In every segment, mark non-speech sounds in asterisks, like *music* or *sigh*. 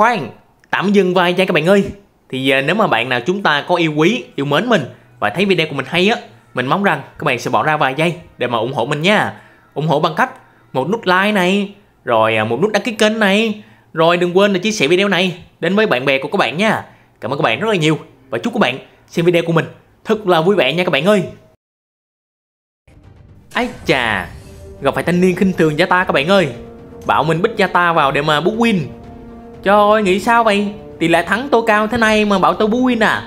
Khoan, tạm dừng vài giây các bạn ơi. Thì giờ à, nếu mà bạn nào chúng ta có yêu quý, yêu mến mình và thấy video của mình hay á, mình mong rằng các bạn sẽ bỏ ra vài giây để mà ủng hộ mình nha. ủng hộ bằng cách một nút like này, rồi à, một nút đăng ký kênh này, rồi đừng quên là chia sẻ video này đến với bạn bè của các bạn nha. Cảm ơn các bạn rất là nhiều và chúc các bạn xem video của mình thật là vui vẻ nha các bạn ơi. Ái chà, gặp phải thanh niên khinh thường gia ta các bạn ơi. Bảo mình bích gia ta vào để mà bút win. Trời ơi nghĩ sao vậy Tỷ lệ thắng tôi cao thế này mà bảo tôi bú win à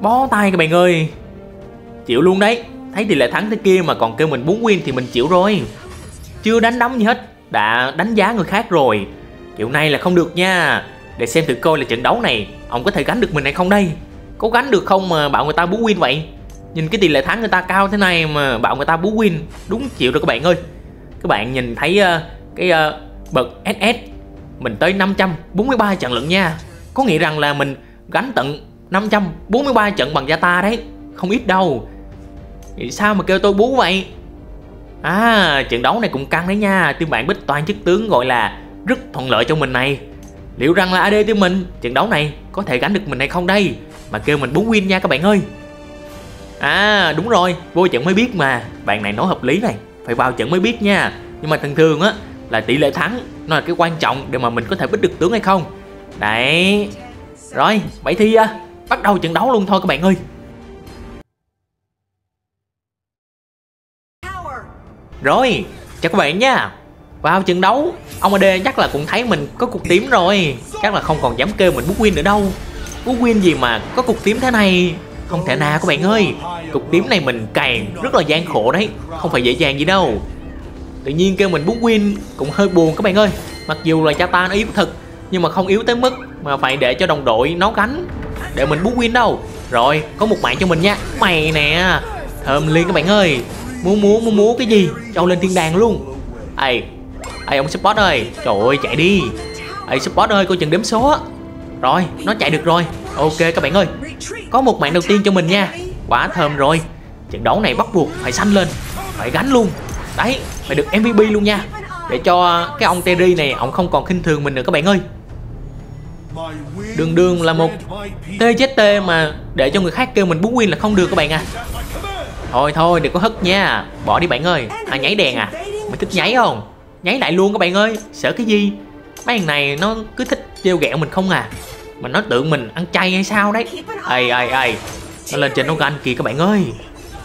Bó tay các bạn ơi Chịu luôn đấy Thấy tỷ lệ thắng thế kia mà còn kêu mình bú win thì mình chịu rồi Chưa đánh đấm gì hết Đã đánh giá người khác rồi Kiểu này là không được nha Để xem thử coi là trận đấu này Ông có thể gánh được mình hay không đây Có gánh được không mà bảo người ta bú win vậy Nhìn cái tỷ lệ thắng người ta cao thế này mà bảo người ta bú win Đúng chịu rồi các bạn ơi Các bạn nhìn thấy uh, cái uh, bậc SS mình tới 543 trận lận nha Có nghĩa rằng là mình gánh tận 543 trận bằng gia ta đấy Không ít đâu Vậy sao mà kêu tôi bú vậy À trận đấu này cũng căng đấy nha Tiêu bạn bích toàn chức tướng gọi là Rất thuận lợi cho mình này Liệu rằng là AD tiêu mình trận đấu này Có thể gánh được mình hay không đây Mà kêu mình bú win nha các bạn ơi À đúng rồi vô trận mới biết mà Bạn này nói hợp lý này Phải vào trận mới biết nha Nhưng mà thường thường á là tỷ lệ thắng nó là cái quan trọng để mà mình có thể bích được tướng hay không đấy rồi bảy thi uh, à, bắt đầu trận đấu luôn thôi các bạn ơi rồi chào các bạn nha vào trận đấu ông AD chắc là cũng thấy mình có cục tím rồi chắc là không còn dám kêu mình bút win nữa đâu bút win gì mà có cục tím thế này không thể nào các bạn ơi cục tím này mình cày rất là gian khổ đấy không phải dễ dàng gì đâu tự nhiên kêu mình bút win cũng hơi buồn các bạn ơi mặc dù là cha ta nó yếu thật nhưng mà không yếu tới mức mà phải để cho đồng đội nó gánh để mình bút win đâu rồi có một mạng cho mình nha mày nè thơm liên các bạn ơi múa múa múa múa cái gì cho lên thiên đàng luôn ầy ầy ông support ơi trời ơi chạy đi ầy support ơi coi chừng đếm số rồi nó chạy được rồi ok các bạn ơi có một mạng đầu tiên cho mình nha quá thơm rồi trận đấu này bắt buộc phải xanh lên phải gánh luôn đấy mày được mvp luôn nha để cho cái ông terry này ông không còn khinh thường mình nữa các bạn ơi đường đường là một tzt mà để cho người khác kêu mình bú win là không được các bạn à thôi thôi đừng có hất nha bỏ đi bạn ơi à nhảy đèn à mày thích nháy không nháy lại luôn các bạn ơi sợ cái gì mấy thằng này nó cứ thích trêu ghẹo mình không à mà nó tưởng mình ăn chay hay sao đấy ầy ầy ầy nó lên trên nó gan kìa các bạn ơi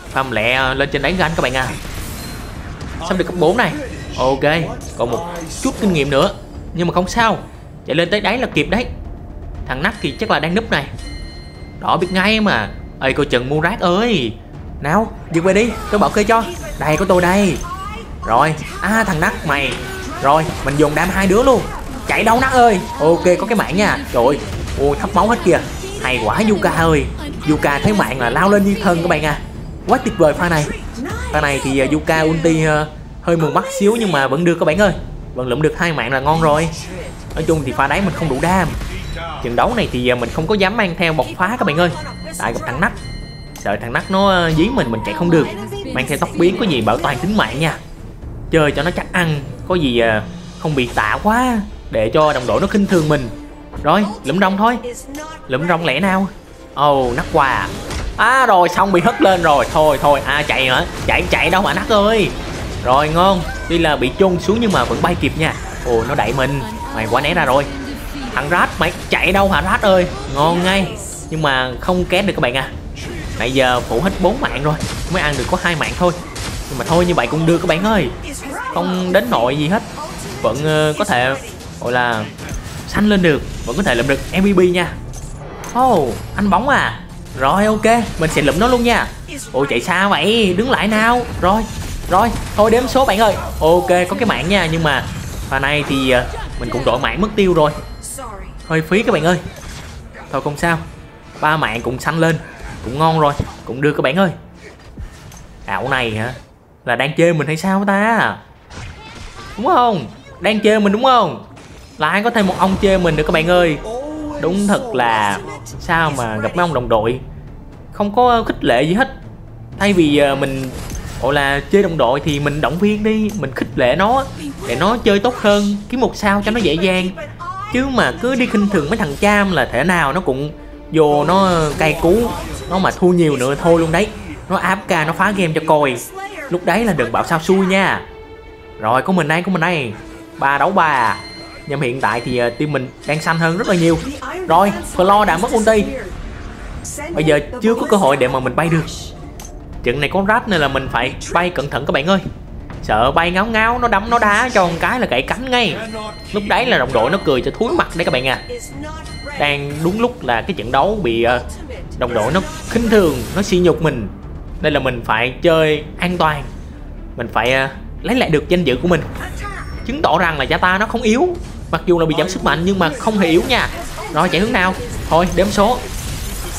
phàm lẹ lên trên đánh gan các bạn à xong được cấp 4 này ok còn một chút kinh nghiệm nữa nhưng mà không sao chạy lên tới đáy là kịp đấy thằng nắp thì chắc là đang núp này đỏ biết ngay mà ơi cô chừng mua rác ơi nào dừng về đi tôi bảo kê cho đây có tôi đây rồi à thằng nắp mày rồi mình dùng đam hai đứa luôn chạy đâu nắp ơi ok có cái mạng nha trời ơi ôi thấp máu hết kìa hay quá yuka ơi yuka thấy mạng là lao lên như thân các bạn à quá tuyệt vời pha này pha này thì à, Yuka ulti à, hơi mù mắt xíu nhưng mà vẫn được các bạn ơi vẫn lượm được hai mạng là ngon rồi nói chung thì pha đáy mình không đủ đam trận đấu này thì à, mình không có dám mang theo bọc phá các bạn ơi tại gặp thằng nắc sợ thằng nắc nó dí mình mình chạy không được mang theo tóc biến có gì bảo toàn tính mạng nha chơi cho nó chắc ăn có gì không bị tạ quá để cho đồng đội nó khinh thường mình rồi lượm rong thôi lượm rong lẽ nào ồ oh, nắc quà À rồi xong bị hất lên rồi Thôi thôi à chạy hả Chạy chạy đâu mà nắc ơi Rồi ngon Tuy là bị chôn xuống nhưng mà vẫn bay kịp nha Ồ nó đẩy mình Mày quá né ra rồi Thằng Rat mày chạy đâu hả Rat ơi Ngon ngay Nhưng mà không kém được các bạn à Nãy giờ phủ hết 4 mạng rồi Mới ăn được có hai mạng thôi Nhưng mà thôi như vậy cũng được các bạn ơi Không đến nội gì hết Vẫn uh, có thể gọi là Xanh lên được Vẫn có thể làm được MVP nha Oh anh bóng à rồi ok, mình sẽ lụm nó luôn nha Ôi chạy xa vậy, đứng lại nào Rồi, rồi, thôi đếm số bạn ơi Ok, có cái mạng nha, nhưng mà Pha này thì à, mình cũng đổi mạng mất tiêu rồi Hơi phí các bạn ơi Thôi không sao Ba mạng cũng xanh lên, cũng ngon rồi Cũng đưa các bạn ơi Ảo này hả, là đang chơi mình hay sao ta Đúng không, đang chơi mình đúng không Lại có thêm một ông chơi mình nữa các bạn ơi đúng thật là sao mà gặp mấy ông đồng đội không có khích lệ gì hết thay vì ờ, mình gọi là chơi đồng đội thì mình động viên đi mình khích lệ nó để nó chơi tốt hơn kiếm một sao cho nó dễ dàng chứ mà cứ đi khinh thường mấy thằng cham là thể nào nó cũng vô nó cay cú nó mà thua nhiều nữa thôi luôn đấy nó áp ca nó phá game cho coi lúc đấy là đừng bảo sao xui nha rồi của mình đây của mình đây ba đấu ba à nhưng hiện tại thì ờ, team mình đang xanh hơn rất là nhiều rồi Flo đã mất ulti bây giờ chưa có cơ hội để mà mình bay được trận này có rát nên là mình phải bay cẩn thận các bạn ơi sợ bay ngáo ngáo nó đấm nó đá cho một cái là gãy cánh ngay lúc đấy là đồng đội nó cười cho thúi mặt đấy các bạn à đang đúng lúc là cái trận đấu bị ờ, đồng đội nó khinh thường nó sỉ nhục mình nên là mình phải chơi an toàn mình phải ờ, lấy lại được danh dự của mình chứng tỏ rằng là gia ta nó không yếu mặc dù là bị giảm sức mạnh nhưng mà không hề yếu nha rồi chạy hướng nào thôi đếm số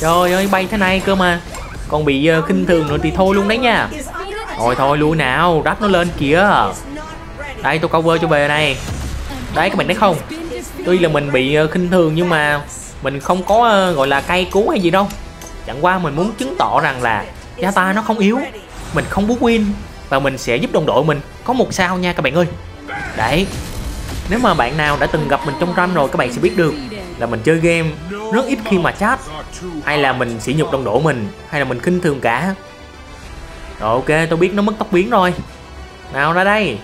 trời ơi bay thế này cơ mà còn bị uh, khinh thường rồi thì thôi luôn đấy nha thôi thôi lui nào ráp nó lên kìa đây tôi cover cho về này đấy các bạn thấy không tuy là mình bị uh, khinh thường nhưng mà mình không có uh, gọi là cay cú hay gì đâu chẳng qua mình muốn chứng tỏ rằng là gia ta nó không yếu mình không bú win và mình sẽ giúp đồng đội mình có một sao nha các bạn ơi đấy nếu mà bạn nào đã từng gặp mình trong run rồi các bạn sẽ biết được là mình chơi game rất ít khi mà chat hay là mình sỉ nhục đồng đội mình hay là mình khinh thường cả rồi ok tôi biết nó mất tóc biến rồi nào ra đây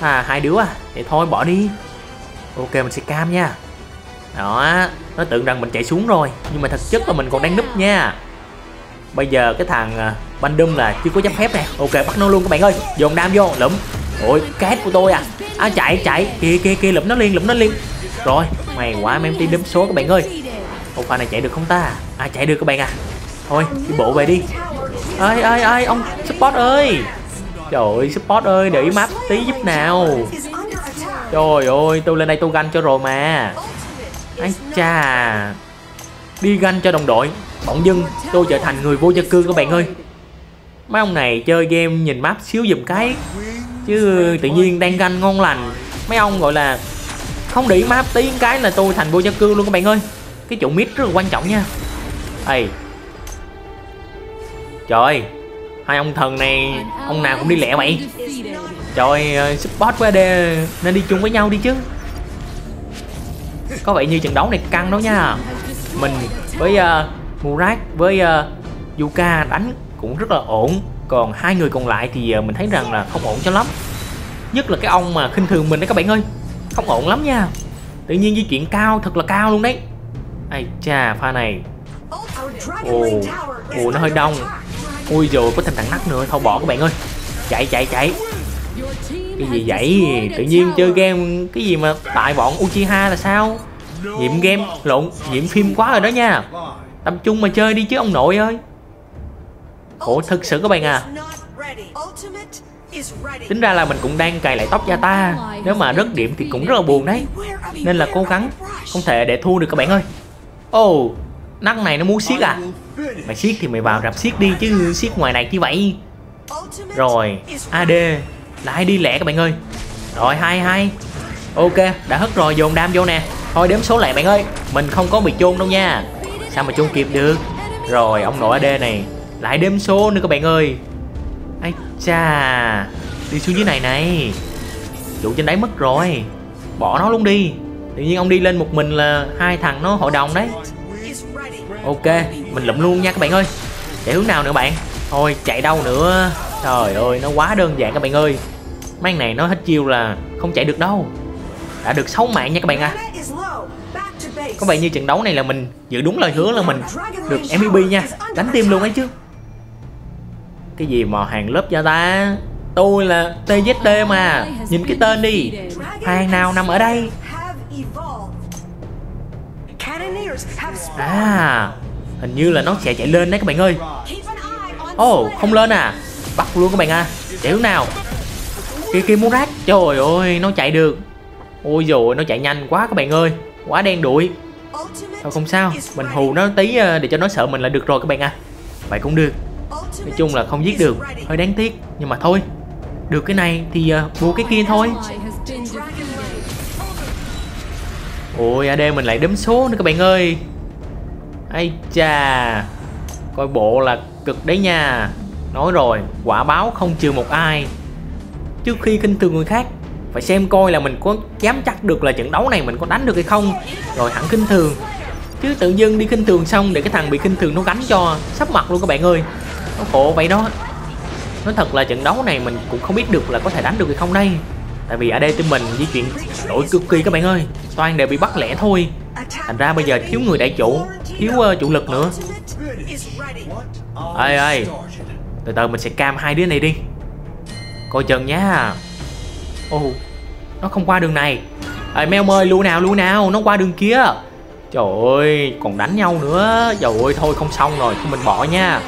à hai đứa à thì thôi bỏ đi ok mình sẽ cam nha đó nó tưởng rằng mình chạy xuống rồi nhưng mà thật chất là mình còn đang núp nha bây giờ cái thằng à, banh đâm là chưa có giáp phép nè ok bắt nó luôn các bạn ơi dồn đam vô lụm Ôi cát của tôi à À chạy chạy kia kia kia lụm nó liền lụm nó liền Rồi mày quá mấy em tim đếm số các bạn ơi Ông pha này chạy được không ta À chạy được các bạn à Thôi đi bộ về đi ai ai ai ông support ơi Trời ơi support ơi để ý map tí giúp nào Trời ơi tôi lên đây tôi ganh cho rồi mà Ây cha Đi ganh cho đồng đội Bỗng dưng tôi trở thành người vô gia cư các bạn ơi Mấy ông này chơi game nhìn map xíu giùm cái chứ tự nhiên đang ganh ngon lành mấy ông gọi là không để map tí cái là tôi thành vô gia cư luôn các bạn ơi cái chỗ mít rất là quan trọng nha ê trời hai ông thần này ông nào cũng đi lẹ vậy trời support với đê nên đi chung với nhau đi chứ có vẻ như trận đấu này căng đó nha mình với uh, Murat với uh, Yuka đánh cũng rất là ổn còn hai người còn lại thì ờ, mình thấy rằng là không ổn cho lắm nhất là cái ông mà khinh thường mình đấy các bạn ơi không ổn lắm nha tự nhiên di chuyển cao thật là cao luôn đấy ai cha pha này ồ ồ nó hơi đông ui rồi có thêm thằng nắt nữa thôi bỏ các bạn ơi chạy chạy chạy cái gì vậy tự nhiên chơi game cái gì mà tại bọn uchiha là sao nhiệm game lộn nhiệm phim quá rồi đó nha tập trung mà chơi đi chứ ông nội ơi khổ thực sự các bạn à Tính ra là mình cũng đang cài lại tóc da ta Nếu mà rớt điểm thì cũng rất là buồn đấy Nên là cố gắng Không thể để thua được các bạn ơi Ồ oh, Nắc này nó muốn siết à Mày siết thì mày vào rạp siết đi chứ siết ngoài này chứ vậy Rồi AD Là ai đi lẹ các bạn ơi Rồi hai hai Ok đã hất rồi dồn đam vô nè Thôi đếm số lẹ bạn ơi Mình không có bị chôn đâu nha Sao mà chôn kịp được Rồi ông nội AD này lại đêm xô nữa các bạn ơi Ây cha Đi xuống dưới này này Trụ trên đáy mất rồi Bỏ nó luôn đi Tự nhiên ông đi lên một mình là hai thằng nó hội đồng đấy Ok Mình lụm luôn nha các bạn ơi Để hướng nào nữa bạn Thôi chạy đâu nữa Trời ơi nó quá đơn giản các bạn ơi Mấy này nó hết chiêu là không chạy được đâu Đã được 6 mạng nha các bạn à Có vẻ như trận đấu này là mình giữ đúng lời hứa là mình được MVP nha Đánh tim luôn ấy chứ cái gì mà hàng lớp cho ta tôi là tzt mà nhìn cái tên đi hàng nào nằm ở đây à hình như là nó sẽ chạy lên đấy các bạn ơi ồ oh, không lên à bắt luôn các bạn à chạy lúc nào kia kia muốn rác trời ơi nó chạy được ôi rồi nó chạy nhanh quá các bạn ơi quá đen đuổi thôi không sao mình hù nó tí à, để cho nó sợ mình là được rồi các bạn à vậy cũng được Nói chung là không giết được Hơi đáng tiếc Nhưng mà thôi Được cái này thì uh, mua cái kia thôi Ôi AD mình lại đếm số nữa các bạn ơi Ây chà Coi bộ là cực đấy nha Nói rồi quả báo không trừ một ai Trước khi kinh thường người khác Phải xem coi là mình có dám chắc được là trận đấu này mình có đánh được hay không Rồi hẳn kinh thường Chứ tự dưng đi kinh thường xong để cái thằng bị kinh thường nó gánh cho Sắp mặt luôn các bạn ơi nó khổ vậy đó nói thật là trận đấu này mình cũng không biết được là có thể đánh được hay không đây tại vì ở đây team mình di chuyển đội cực kỳ các bạn ơi toàn đều bị bắt lẻ thôi thành ra bây giờ thiếu người đại chủ thiếu uh, chủ lực nữa ê ê từ từ mình sẽ cam hai đứa này đi coi chừng nhá ô nó không qua đường này ê meo mơi lu nào lu nào nó qua đường kia trời ơi còn đánh nhau nữa trời ơi thôi không xong rồi thôi mình bỏ nha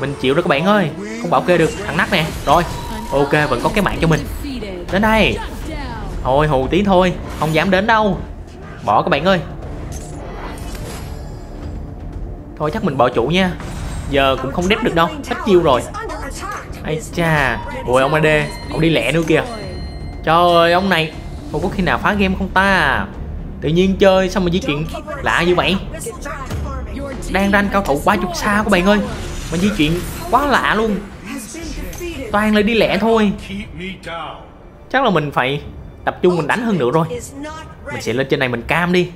mình chịu rồi các bạn ơi Không bảo kê được Thằng nắc nè Rồi Ok vẫn có cái mạng cho mình Đến đây Thôi hù tí thôi Không dám đến đâu Bỏ các bạn ơi Thôi chắc mình bỏ chủ nha Giờ cũng không đép được đâu Hết chiêu rồi ai cha Ôi ông AD Ông đi lẹ nữa kìa Trời ơi ông này Không có khi nào phá game không ta Tự nhiên chơi xong mà di chuyển lạ như vậy Đang ranh cao thủ ba chục sao các bạn ơi mà di chuyển quá lạ luôn toàn là đi lẹ thôi chắc là mình phải tập trung mình đánh hơn nữa rồi mình sẽ lên trên này mình cam đi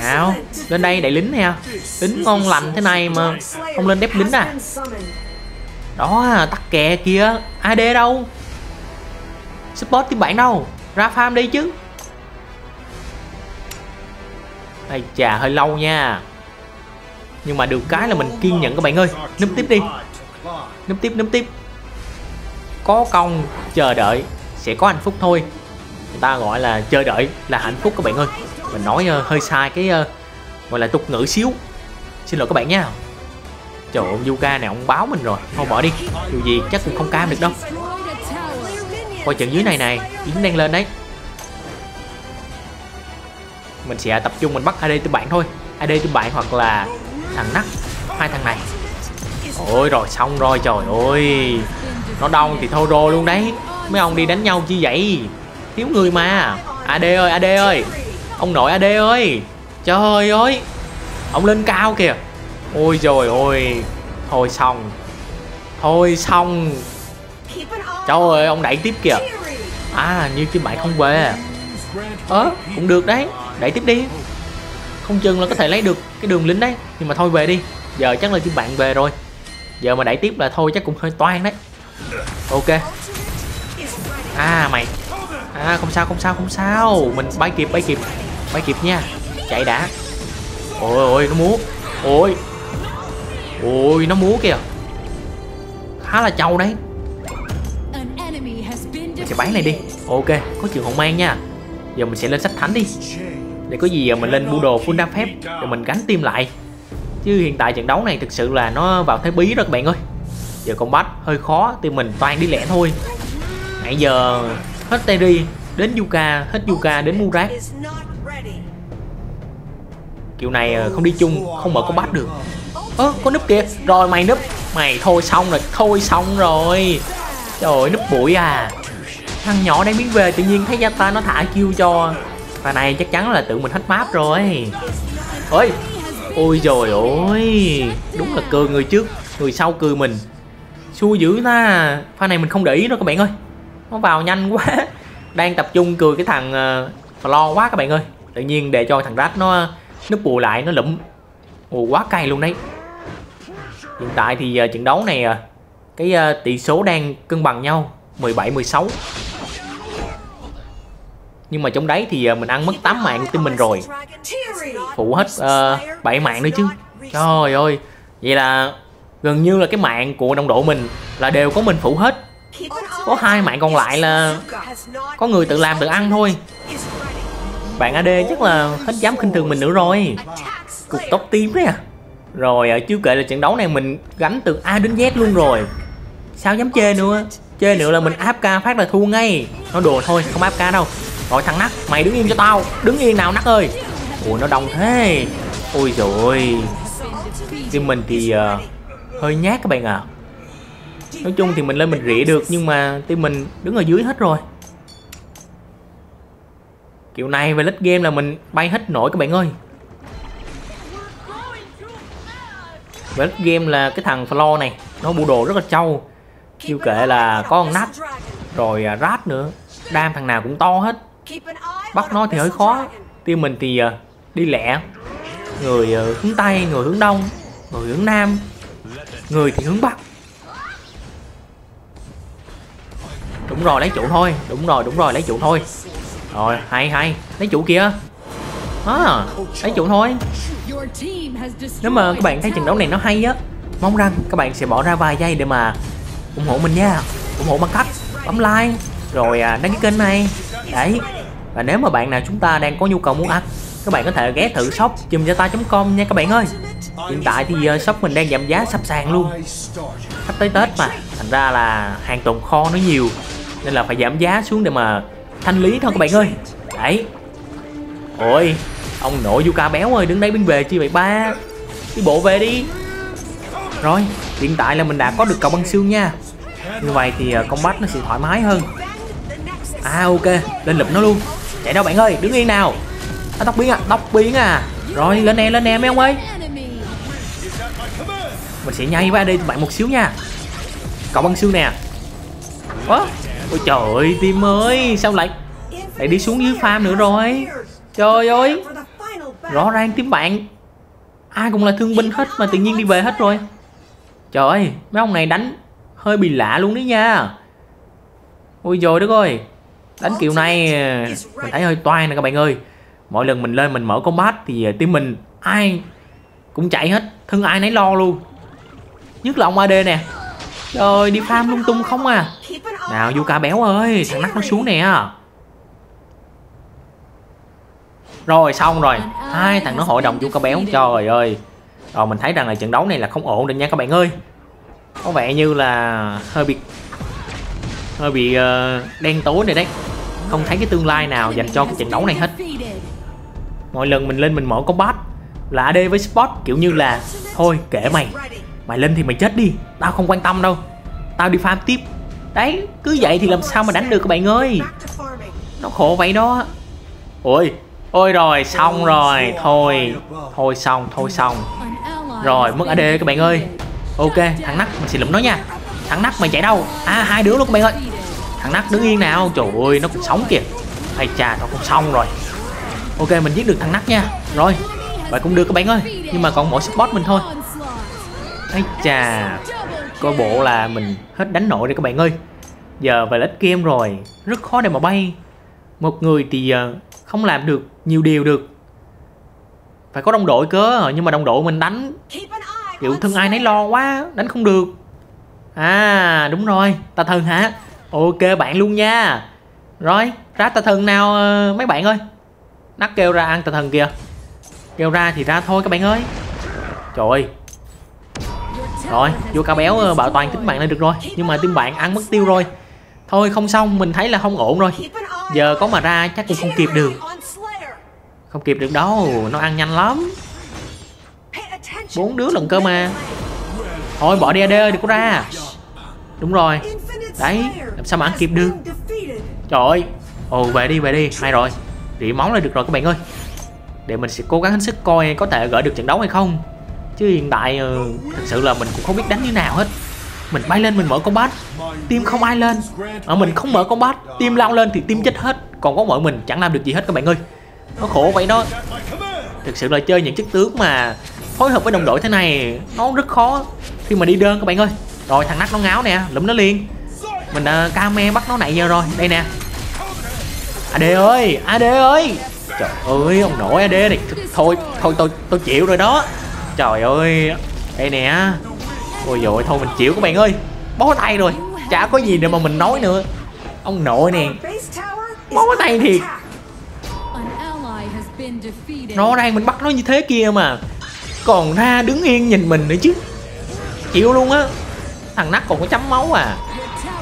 nào lên đây đại lính nè lính ngon lành thế này mà không lên đép lính à đó tắc kè kia, ad đâu support team bạn đâu ra farm đi chứ ai chà hơi lâu nha nhưng mà được cái là mình kiên nhẫn các bạn ơi núp tiếp đi núp tiếp núp tiếp có công chờ đợi sẽ có hạnh phúc thôi người ta gọi là chờ đợi là hạnh phúc các bạn ơi mình nói uh, hơi sai cái uh, gọi là tục ngữ xíu xin lỗi các bạn nha trời ơi Yuka này ông báo mình rồi thôi bỏ đi dù gì chắc cũng không cam được đâu coi trận dưới này này yến đang lên đấy mình sẽ tập trung mình bắt ad tư bạn thôi ad tư bạn hoặc là thằng nắc hai thằng này ôi rồi xong rồi trời ơi nó đông thì thôi rô luôn đấy mấy ông đi đánh nhau chi vậy thiếu người mà ad ơi ad ơi ông nội ad ơi trời ơi ông lên cao kìa ôi rồi ôi thôi xong thôi xong trời ơi ông đẩy tiếp kìa à như chim bạn không về ớ à, cũng được đấy đẩy tiếp đi không chừng là có thể lấy được cái đường lính đấy nhưng mà thôi về đi giờ chắc là chứ bạn về rồi giờ mà đẩy tiếp là thôi chắc cũng hơi toan đấy ok à mày à không sao không sao không sao mình bay kịp bay kịp bay kịp nha chạy đã ôi ôi nó múa ôi ôi nó múa kìa khá là trâu đấy mình sẽ bán này đi ok có chuyện hồn mang nha giờ mình sẽ lên sách thánh đi để có gì mình lên bu đồ full đáp phép rồi mình gánh tim lại chứ hiện tại trận đấu này thực sự là nó vào thế bí rồi các bạn ơi giờ combat hơi khó thì mình toàn đi lẻ thôi nãy giờ hết terry đến yuka hết yuka đến murat kiểu này ờ, không đi chung không mở combat được ơ à, có núp kìa rồi mày núp mày thôi xong rồi thôi xong rồi trời ơi núp bụi à thằng nhỏ đang biến về tự nhiên thấy gia ta nó thả kêu cho pha này chắc chắn là tự mình hết map rồi ôi ôi rồi ôi đúng là cười người trước người sau cười mình xui dữ ta pha này mình không để ý nó các bạn ơi nó vào nhanh quá *laughs* đang tập trung cười cái thằng uh, lo quá các bạn ơi tự nhiên để cho thằng rách nó ờ, nó bù lại nó lụm ồ quá cay luôn đấy hiện tại thì uh, trận đấu này uh, cái uh, tỷ số đang cân bằng nhau 17 16 nhưng mà trong đấy thì ờ, mình ăn mất 8 mạng tim mình rồi phụ hết uh, ờ, 7 mạng nữa chứ trời ơi vậy là gần như là cái mạng của đồng đội mình là đều có mình phụ hết có hai mạng còn lại là có người tự làm tự ăn thôi bạn AD chắc là hết dám khinh thường mình nữa rồi cục tóc tím đấy à rồi ờ, chưa kể là trận đấu này mình gánh từ A đến Z luôn rồi sao dám chê nữa chê nữa là mình áp ca phát là thua ngay nó đùa thôi không áp ca đâu rồi thằng nắc mày đứng yên cho tao Đứng yên nào nắc ơi Ủa nó đông thế Ôi rồi Team mình thì uh, hơi nhát các bạn ạ à. Nói chung thì mình lên mình rỉ được Nhưng mà team mình đứng ở dưới hết rồi Kiểu này về lít game là mình bay hết nổi các bạn ơi Về lít game là cái thằng Flo này Nó bu đồ rất là trâu Chưa kệ là có con nắp Rồi à, rát nữa Đam thằng nào cũng to hết bắt nó thì hơi khó team mình thì ờ, đi lẹ người ờ, hướng tây người hướng đông người hướng nam người thì hướng bắc đúng rồi lấy trụ thôi đúng rồi đúng rồi lấy trụ thôi rồi hay hay lấy trụ kia, à, lấy trụ thôi nếu mà các bạn thấy trận đấu này nó hay á mong rằng các bạn sẽ bỏ ra vài giây để mà ủng hộ mình nha ủng hộ bằng cách bấm like rồi à, đăng ký kênh này đấy và nếu mà bạn nào chúng ta đang có nhu cầu muốn ăn các bạn có thể ghé thử shop chùm cho ta.com nha các bạn ơi hiện tại thì ờ, shop mình đang giảm giá sắp sàn luôn sắp tới tết mà thành ra là hàng tồn kho nó nhiều nên là phải giảm giá xuống để mà thanh lý thôi các bạn ơi đấy ôi ông nội Yuka béo ơi đứng đây bên về chi vậy ba đi bộ về đi rồi hiện tại là mình đã có được cầu băng siêu nha như vậy thì ờ, combat nó sẽ thoải mái hơn À ok, lên lụm nó luôn Chạy đâu bạn ơi, đứng yên nào à, Tóc biến à, tóc biến à Rồi lên em, lên em mấy ông ơi Mình sẽ nhay qua đây bạn một xíu nha Cậu băng xương nè Ủa? Ôi trời ơi, tim ơi Sao lại lại đi xuống dưới farm nữa rồi Trời ơi Rõ ràng tiếng bạn Ai cũng là thương binh hết mà tự nhiên đi về hết rồi Trời ơi, mấy ông này đánh hơi bị lạ luôn đấy nha Ôi trời đất ơi đánh kiểu này à, mình thấy hơi toan nè các bạn ơi mỗi lần mình lên mình mở combat thì à, team mình ai cũng chạy hết thương ai nấy lo luôn nhất là ông AD nè trời đi farm lung tung không à nào Yuka béo ơi thằng nắc nó xuống nè rồi xong rồi hai thằng nó hội đồng Yuka béo trời ơi rồi mình thấy rằng là trận đấu này là không ổn định nha các bạn ơi có vẻ như là hơi bị hơi bị uh, đen tối này đấy không thấy cái tương lai nào dành cho cái trận đấu này hết mỗi lần mình lên mình mở bát là AD với spot kiểu như là thôi kệ mày mày lên thì mày chết đi tao không quan tâm đâu tao đi farm tiếp đấy cứ vậy thì làm sao mà đánh được các bạn ơi nó khổ vậy đó ôi ôi rồi xong rồi thôi thôi xong thôi xong rồi mất AD các bạn ơi ok thằng nắc mình sẽ lụm nó nha thằng nắc mày chạy đâu à hai đứa luôn các bạn ơi thằng nắc đứng yên nào trời ơi nó còn sống kìa hay chà tao cũng xong rồi ok mình giết được thằng nắc nha rồi vậy cũng được các bạn ơi nhưng mà còn mỗi support mình thôi ấy chà coi bộ là mình hết đánh nội rồi các bạn ơi giờ về lết game rồi rất khó để mà bay một người thì ờ, không làm được nhiều điều được phải có đồng đội cơ nhưng mà đồng đội mình đánh kiểu thân ai nấy lo quá đánh không được à đúng rồi ta thân hả ok bạn luôn nha rồi ra tà thần nào ờ, mấy bạn ơi nắc kêu ra ăn tà thần kìa kêu ra thì ra thôi các bạn ơi trời rồi vô cao béo ờ, bảo toàn tính mạng lên được rồi nhưng mà team bạn ăn mất tiêu rồi thôi không xong mình thấy là không ổn rồi giờ có mà ra chắc cũng không kịp được không kịp được đâu nó ăn nhanh lắm bốn đứa lần cơ mà thôi bỏ đi AD ơi đừng có ra đúng rồi Đấy Làm sao mà ăn kịp được Trời ơi Ồ về đi về đi Hay rồi Rỉ máu là được rồi các bạn ơi Để mình sẽ cố gắng hết sức coi có thể gỡ được trận đấu hay không Chứ hiện tại ờ, Thật sự là mình cũng không biết đánh như nào hết Mình bay lên mình mở combat Team không ai lên Ở mình không mở combat Team lao lên thì team chết hết Còn có mọi mình chẳng làm được gì hết các bạn ơi Nó khổ vậy đó Thực sự là chơi những chức tướng mà phối hợp với đồng đội thế này nó rất khó khi mà đi đơn các bạn ơi rồi thằng nát nó ngáo nè lụm nó liền mình đã ờ, kame bắt nó nãy giờ rồi đây nè AD ơi AD ơi trời ơi ông nội AD này thôi thôi tôi tôi chịu rồi đó trời ơi đây nè ôi dội thôi mình chịu các bạn ơi bó tay rồi chả có gì để mà mình nói nữa ông nội nè bó tay thiệt nó đang mình bắt nó như thế kia mà còn ra đứng yên nhìn mình nữa chứ chịu luôn á thằng nắc còn có chấm máu à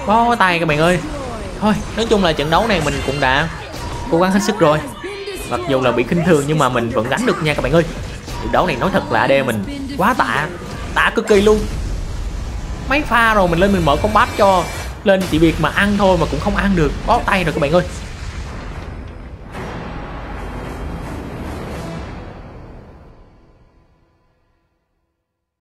bó tay các bạn ơi thôi nói chung là trận đấu này mình cũng đã cố gắng hết sức rồi mặc dù là bị khinh thường nhưng mà mình vẫn gánh được nha các bạn ơi trận đấu này nói thật là AD mình quá tạ tạ cực kỳ luôn mấy pha rồi mình lên mình mở combat cho lên chỉ việc mà ăn thôi mà cũng không ăn được bó tay rồi các bạn ơi